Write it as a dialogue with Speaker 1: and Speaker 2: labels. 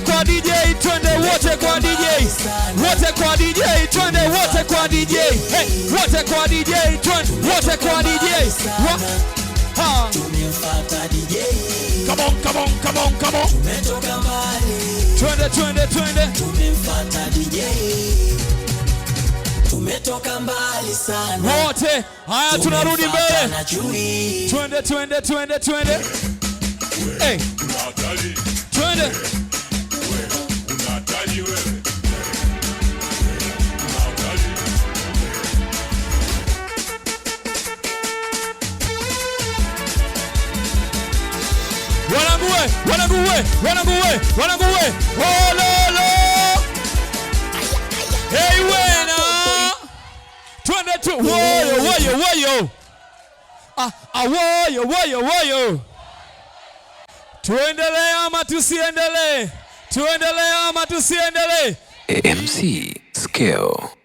Speaker 1: kwa DJ, twende wote kwa DJ, wote kwa DJ, twende wote kwa DJ, wote kwa DJ, twende wote kwa DJ.
Speaker 2: Tumemfuata
Speaker 1: come on, come on, come on, come on,
Speaker 2: tumetoka mbali,
Speaker 1: twende, twende, twende,
Speaker 2: tumemfuata DJ, tumetoka mbali sana
Speaker 1: wote. Haya, tunarudi mbele, twende, twende, twende, twende, Hey. twende Bwana nguwe, Bwana nguwe, Bwana nguwe, Bwana nguwe. Oh Hey wena. Twende tu. Woyo, woyo, woyo. Ah, ah, woyo, woyo, woyo. Tuendelee ama tusiendelee? Tuendelee ama tusiendelee? MC skill